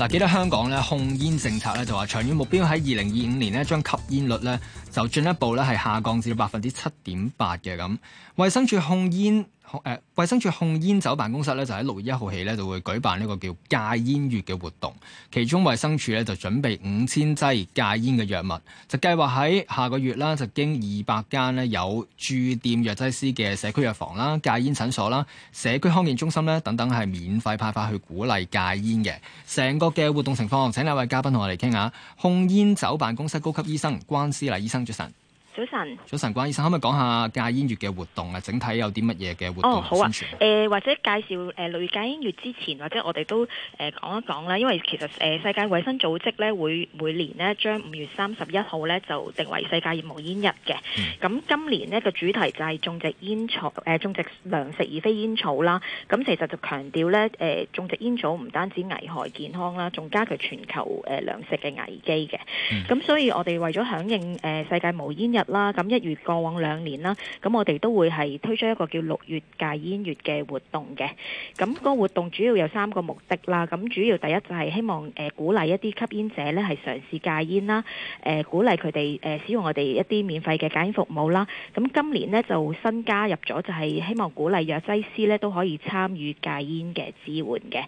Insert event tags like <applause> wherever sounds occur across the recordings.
嗱、啊，記得香港咧控煙政策咧就話，長遠目標喺二零二五年咧，將吸煙率咧就進一步咧係下降至百分之七點八嘅。咁衛生署控煙。誒，衛生署控煙酒辦公室咧，就喺六月一號起咧，就會舉辦呢個叫戒煙月嘅活動。其中，衛生署咧就準備五千劑戒煙嘅藥物，就計劃喺下個月啦，就經二百間咧有駐店藥劑師嘅社區藥房啦、戒煙診所啦、社區康健中心咧等等，係免費派發去鼓勵戒煙嘅。成個嘅活動情況，請兩位嘉賓同我哋傾下。控煙酒辦公室高級醫生關思禮醫生，早晨。早晨，早晨，關醫生可唔可以講下戒煙月嘅活動啊？整體有啲乜嘢嘅活動、哦、好啊，誒說、呃、或者介紹誒，類、呃、戒煙月之前或者我哋都誒、呃、講一講啦。因為其實誒、呃、世界衞生組織咧會每年呢將五月三十一號咧就定為世界無煙日嘅。咁、嗯、今年呢個主題就係種植煙草誒、呃，種植糧食而非煙草啦。咁其實就強調咧誒、呃，種植煙草唔單止危害健康啦，仲加劇全球誒糧食嘅危機嘅。咁、嗯嗯、所以我哋為咗響應誒世界無煙日。啦，咁一如過往兩年啦，咁我哋都會係推出一個叫六月戒煙月嘅活動嘅。咁個活動主要有三個目的啦。咁主要第一就係希望誒、呃、鼓勵一啲吸煙者呢係嘗試戒煙啦，誒、呃、鼓勵佢哋誒使用我哋一啲免費嘅戒煙服務啦。咁今年呢就新加入咗，就係希望鼓勵藥劑師呢都可以參與戒煙嘅支援嘅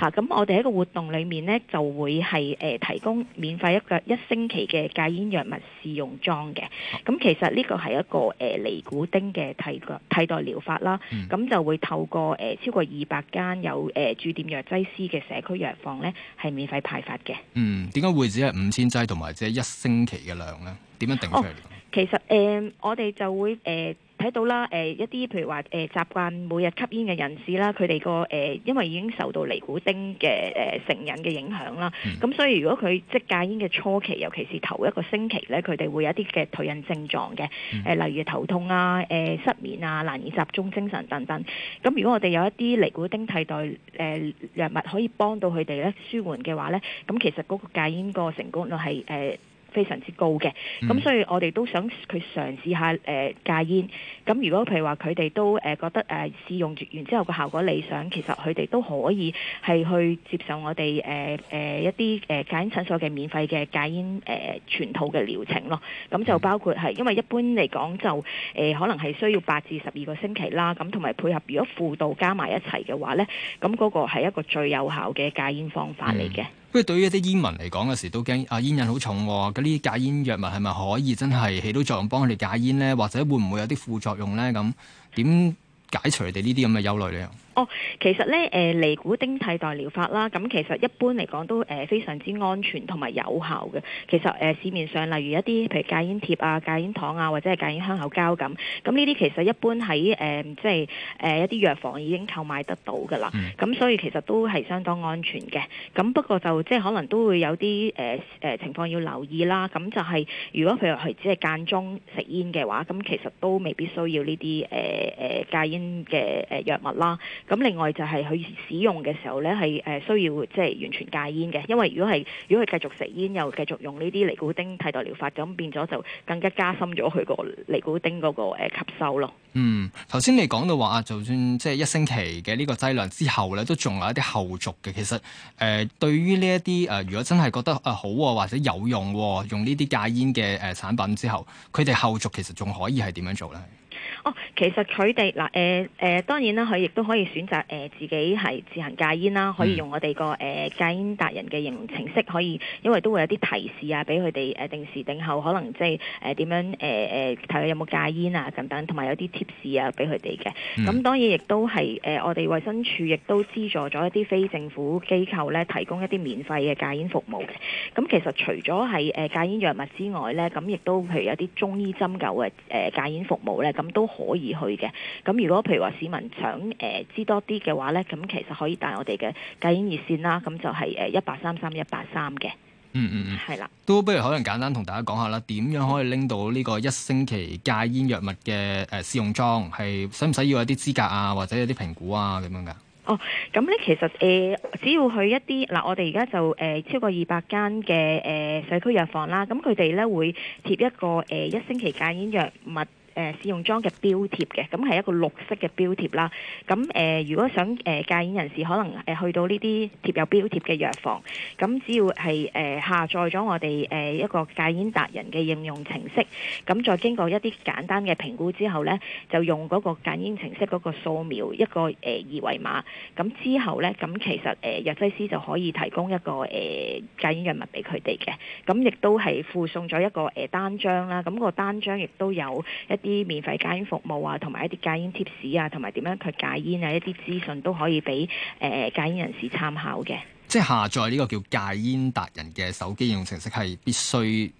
嚇。咁、mm hmm. 啊、我哋喺個活動裡面呢，就會係誒、呃、提供免費一個一星期嘅戒煙藥物試用裝嘅。咁其實呢個係一個誒尼古丁嘅替個替代療法啦，咁、嗯、就會透過誒超過二百間有誒駐點藥劑師嘅社區藥房咧，係免費派發嘅。嗯，點解會只係五千劑同埋只係一星期嘅量咧？點樣定出嚟、哦？其實誒、呃、我哋就會誒。呃睇到啦，誒、呃、一啲譬如話誒、呃、習慣每日吸煙嘅人士啦，佢哋個誒、呃、因為已經受到尼古丁嘅誒、呃、成癮嘅影響啦，咁、mm hmm. 嗯、所以如果佢即戒煙嘅初期，尤其是頭一個星期咧，佢哋會有一啲嘅退癮症狀嘅，誒、呃、例如頭痛啊、誒、呃、失眠啊、難以集中精神等等。咁、嗯、如果我哋有一啲尼古丁替代誒、呃、藥物可以幫到佢哋咧舒緩嘅話咧，咁、嗯、其實嗰個戒煙個成功率係誒、呃呃非常之高嘅，咁、嗯、所以我哋都想佢嘗試下誒、呃、戒煙。咁如果譬如話，佢哋都誒覺得誒、呃、試用完之後個效果理想，其實佢哋都可以係去接受我哋誒誒一啲誒、呃、戒煙診所嘅免費嘅戒煙誒、呃、全套嘅療程咯。咁就包括係、嗯、因為一般嚟講就誒、呃、可能係需要八至十二個星期啦。咁同埋配合如果輔導加埋一齊嘅話咧，咁嗰個係一個最有效嘅戒煙方法嚟嘅。嗯咁對於一啲煙民嚟講，有時都驚啊煙癮好重喎、哦，咁呢啲戒煙藥物係咪可以真係起到作用幫佢哋戒煙呢？或者會唔會有啲副作用呢？咁點解除佢哋呢啲咁嘅憂慮呢？哦，其實咧，誒尼古丁替代療法啦，咁其實一般嚟講都誒非常之安全同埋有效嘅。其實誒市面上例如一啲譬如戒煙貼啊、戒煙糖啊或者係戒煙香口膠咁，咁呢啲其實一般喺誒即係誒一啲藥房已經購買得到㗎啦。咁、嗯、所以其實都係相當安全嘅。咁不過就即係可能都會有啲誒誒情況要留意啦。咁就係、是、如果譬如係只係間中食煙嘅話，咁其實都未必需要呢啲誒誒戒煙嘅誒藥物啦。咁另外就係佢使用嘅時候咧，係誒需要即係完全戒煙嘅，因為如果係如果佢繼續食煙又繼續用呢啲尼古丁替代療法，咁變咗就更加加深咗佢個尼古丁嗰個吸收咯。嗯，頭先你講到話啊，就算即係一星期嘅呢個劑量之後咧，都仲有一啲後續嘅。其實誒、呃，對於呢一啲誒，如果真係覺得好啊好或者有用、啊，用呢啲戒煙嘅誒、呃、產品之後，佢哋後續其實仲可以係點樣做咧？哦，其實佢哋嗱誒誒，當然啦，佢亦都可以選擇誒自己係自行戒煙啦，可以用我哋個誒戒煙達人嘅形程式，可以因為都會有啲提示啊，俾佢哋誒定時定候，可能即係誒點樣誒誒睇下有冇戒煙啊，等等，同埋有啲 tips 啊，俾佢哋嘅。咁 <noise> 當然亦都係誒我哋衛生署亦都資助咗一啲非政府機構咧，提供一啲免費嘅戒煙服務嘅。咁其實除咗係誒戒煙藥物之外咧，咁亦都譬如有啲中醫針灸嘅誒戒煙服務咧，咁。都可以去嘅。咁如果譬如話市民想誒知多啲嘅話呢，咁其實可以打我哋嘅戒煙熱線啦。咁就係誒一八三三一八三嘅。嗯嗯嗯，係啦，都不如可能簡單同大家講下啦，點樣可以拎到呢個一星期戒煙藥物嘅誒試用裝？係使唔使要一啲資格啊，或者一啲評估啊，咁樣噶？哦，咁呢其實誒，只要去一啲嗱，我哋而家就誒超過二百間嘅誒社區藥房啦。咁佢哋呢會貼一個誒一星期戒煙藥物。誒試用裝嘅標貼嘅，咁係一個綠色嘅標貼啦。咁誒，如果想誒戒煙人士，可能誒去到呢啲貼有標貼嘅藥房，咁只要係誒下載咗我哋誒一個戒煙達人嘅應用程式，咁再經過一啲簡單嘅評估之後呢，就用嗰個戒煙程式嗰個掃描一個誒二維碼，咁之後呢，咁其實誒藥劑師就可以提供一個誒戒煙藥物俾佢哋嘅，咁亦都係附送咗一個誒單張啦。咁個單張亦都有一啲免費戒煙服務啊，同埋一啲戒煙貼士啊，同埋點樣去戒煙啊，一啲資訊都可以俾誒戒煙人士參考嘅。即係下載呢個叫戒煙達人嘅手機應用程式，係必須？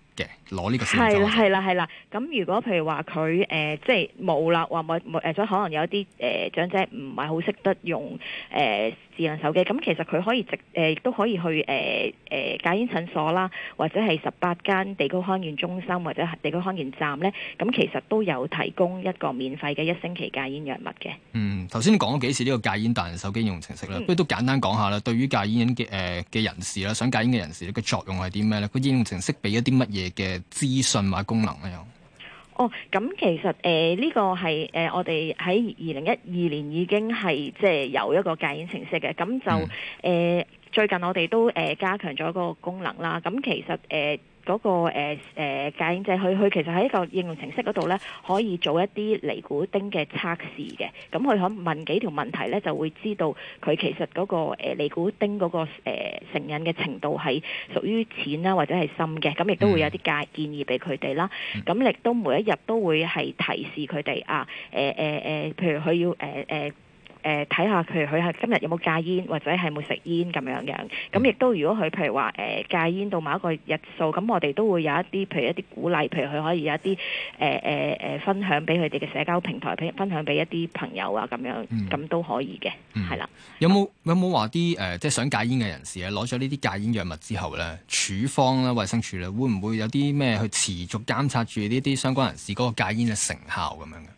攞呢個係啦，係啦，係啦。咁如果譬如話佢誒即係冇啦，或冇冇誒，可能有啲誒、呃、長者唔係好識得用誒、呃、智能手機。咁、嗯、其實佢可以直誒，亦、呃、都可以去誒誒、呃呃、戒煙診所啦，或者係十八間地區康健中心或者地區康健站咧。咁其實都有提供一個免費嘅一星期戒煙藥物嘅。嗯，頭先講咗幾次呢個戒煙大人手機應用程式啦，嗯、不如都簡單講下啦。對於戒煙嘅誒嘅人士啦，想戒煙嘅人士咧，個作用係啲咩咧？佢應用程式俾一啲乜嘢？嘅資訊或功能啊，樣哦。咁其實誒呢、呃這個係誒、呃、我哋喺二零一二年已經係即係有一個戒煙程式嘅。咁就誒、嗯呃、最近我哋都誒、呃、加強咗一個功能啦。咁、嗯、其實誒。呃嗰個誒誒戒癮者，佢、uh, 佢、uh, 其實喺一個應用程式嗰度咧，可以做一啲尼古丁嘅測試嘅。咁佢可問幾條問題咧，就會知道佢其實嗰個誒尼、uh, 古丁嗰個誒、uh, 成癮嘅程度係屬於淺啦，或者係深嘅。咁亦都會有啲介建議俾佢哋啦。咁亦都每一日都會係提示佢哋啊誒誒誒，譬如佢要誒誒。呃呃誒睇下佢，佢係、呃、今日有冇戒煙，或者係冇食煙咁樣樣。咁亦都如果佢譬如話誒戒煙到某一個日數，咁我哋都會有一啲譬如一啲鼓勵，譬如佢可以有一啲誒誒誒分享俾佢哋嘅社交平台，分享俾一啲朋友啊咁樣，咁都可以嘅，係啦、嗯嗯的。有冇有冇話啲誒即係想戒煙嘅人士咧，攞咗呢啲戒煙藥物之後咧，處方啦、衛生署啦，會唔會有啲咩去持續監察住呢啲相關人士嗰個戒煙嘅成效咁樣嘅？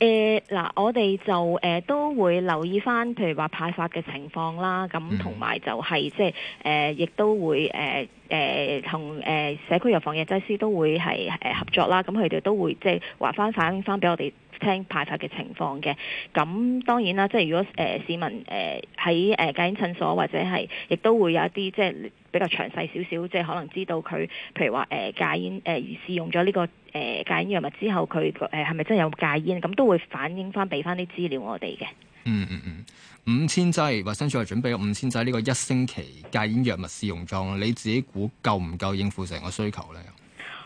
誒嗱、欸，我哋就誒、呃、都會留意翻，譬如話派發嘅情況啦，咁同埋就係即係誒，亦、呃、都會誒誒同誒社區藥房嘅藥劑師都會係誒、呃、合作啦。咁佢哋都會即係話翻返翻俾我哋聽派發嘅情況嘅。咁、嗯、當然啦，即係如果誒、呃、市民誒喺誒戒煙診所或者係亦都會有一啲即係比較詳細少少，即係可能知道佢譬如話誒戒煙而試用咗呢、這個。誒，戒煙藥物之後，佢誒係咪真係有戒煙咁都會反映翻，俾翻啲資料我哋嘅。嗯嗯嗯，五千劑衞生署係準備咗五千劑呢個一星期戒煙藥物試用裝，你自己估夠唔夠應付成個需求呢？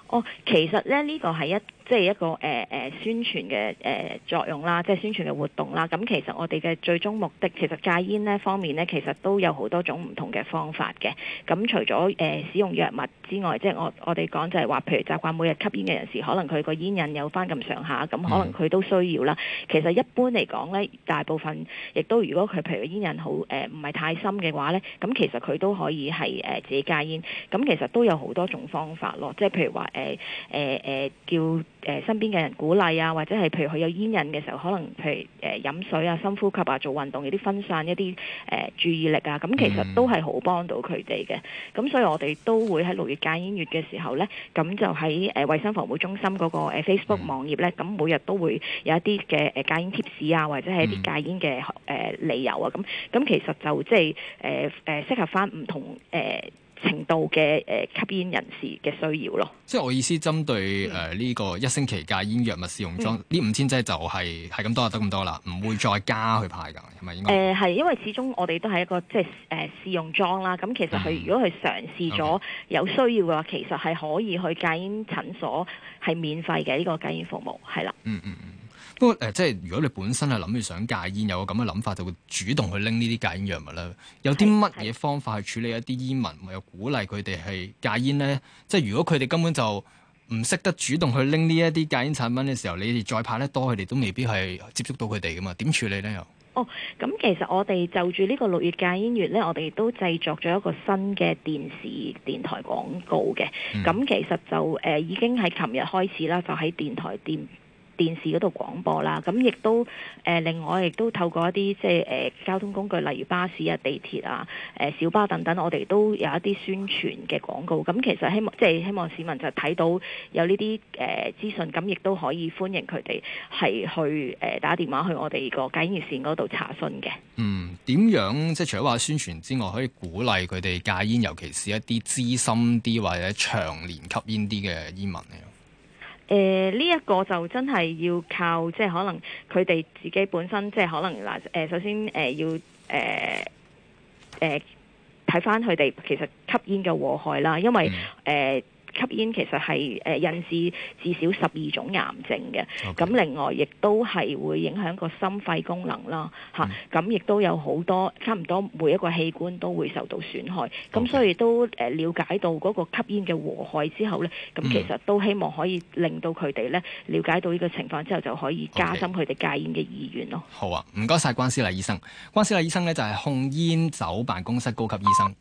哦，其實咧呢個係一。即係一個誒誒、呃呃、宣傳嘅誒作用啦，即係宣傳嘅活動啦。咁其實我哋嘅最終目的，其實戒煙呢方面呢，其實都有好多種唔同嘅方法嘅。咁除咗誒、呃、使用藥物之外，即係我我哋講就係話，譬如習慣每日吸煙嘅人士，可能佢個煙癮有返咁上下，咁可能佢都需要啦。其實一般嚟講呢，大部分亦都如果佢譬如個煙癮好誒唔係太深嘅話呢，咁其實佢都可以係誒、呃、自己戒煙。咁其實都有好多種方法咯，即係譬如話誒誒誒叫。誒、呃、身邊嘅人鼓勵啊，或者係譬如佢有煙癮嘅時候，可能譬如誒、呃、飲水啊、深呼吸啊、做運動，有啲分散一啲誒、呃、注意力啊，咁、嗯、其實都係好幫到佢哋嘅。咁所以我哋都會喺六月戒煙月嘅時候咧，咁就喺誒衞生防護中心嗰、那個、呃、Facebook 網頁咧，咁、嗯、每日都會有一啲嘅誒戒煙貼士啊，或者係一啲戒煙嘅誒理由啊，咁、嗯、咁、嗯嗯、其實就即係誒誒適合翻唔同誒。呃呃程度嘅誒吸煙人士嘅需要咯，即係我意思，針對誒呢個一星期戒煙藥物試用裝呢、嗯、五千劑就係係咁多，得咁多啦，唔會再加去派㗎，係咪應該？誒係、呃，因為始終我哋都係一個即係誒試用裝啦。咁其實佢如果佢嘗試咗有需要嘅話，嗯、其實係可以去戒煙診所係免費嘅呢、這個戒煙服務，係啦。嗯嗯。嗯不過誒，即係如果你本身係諗住想戒煙，有個咁嘅諗法就會主動去拎呢啲戒煙藥物咧。有啲乜嘢方法去處理一啲煙民，咪又鼓勵佢哋係戒煙呢？即係如果佢哋根本就唔識得主動去拎呢一啲戒煙產品嘅時候，你哋再拍得多，佢哋都未必係接觸到佢哋噶嘛？點處理呢？又哦，咁其實我哋就住呢個六月戒煙月呢，我哋都製作咗一個新嘅電視電台廣告嘅。咁、嗯、其實就誒、呃、已經喺琴日開始啦，就喺電台店。電視嗰度廣播啦，咁亦都誒、呃，另外亦都透過一啲即係誒交通工具，例如巴士啊、地鐵啊、誒、呃、小巴等等，我哋都有一啲宣傳嘅廣告。咁其實希望即係希望市民就睇到有呢啲誒資訊，咁、呃、亦都可以歡迎佢哋係去誒、呃、打電話去我哋個戒煙熱線嗰度查詢嘅。嗯，點樣即係除咗話宣傳之外，可以鼓勵佢哋戒煙，尤其是一啲資深啲或者長年吸煙啲嘅煙民咧？誒呢一個就真係要靠，即係可能佢哋自己本身，即係可能嗱，誒、呃、首先誒要誒誒睇翻佢哋其實吸煙嘅禍害啦，因為。誒、嗯。呃吸煙其實係誒引致至少十二種癌症嘅，咁 Okay. 另外亦都係會影響個心肺功能啦，嚇、嗯，咁亦都有好多差唔多每一個器官都會受到損害，咁 Okay. 所以都誒瞭解到嗰個吸煙嘅禍害之後咧，咁、嗯、其實都希望可以令到佢哋咧了解到呢個情況之後就可以加深佢哋戒煙嘅意願咯。Okay. 好啊，唔該晒關思禮醫生，關思禮醫生咧就係控煙酒辦公室高級醫生。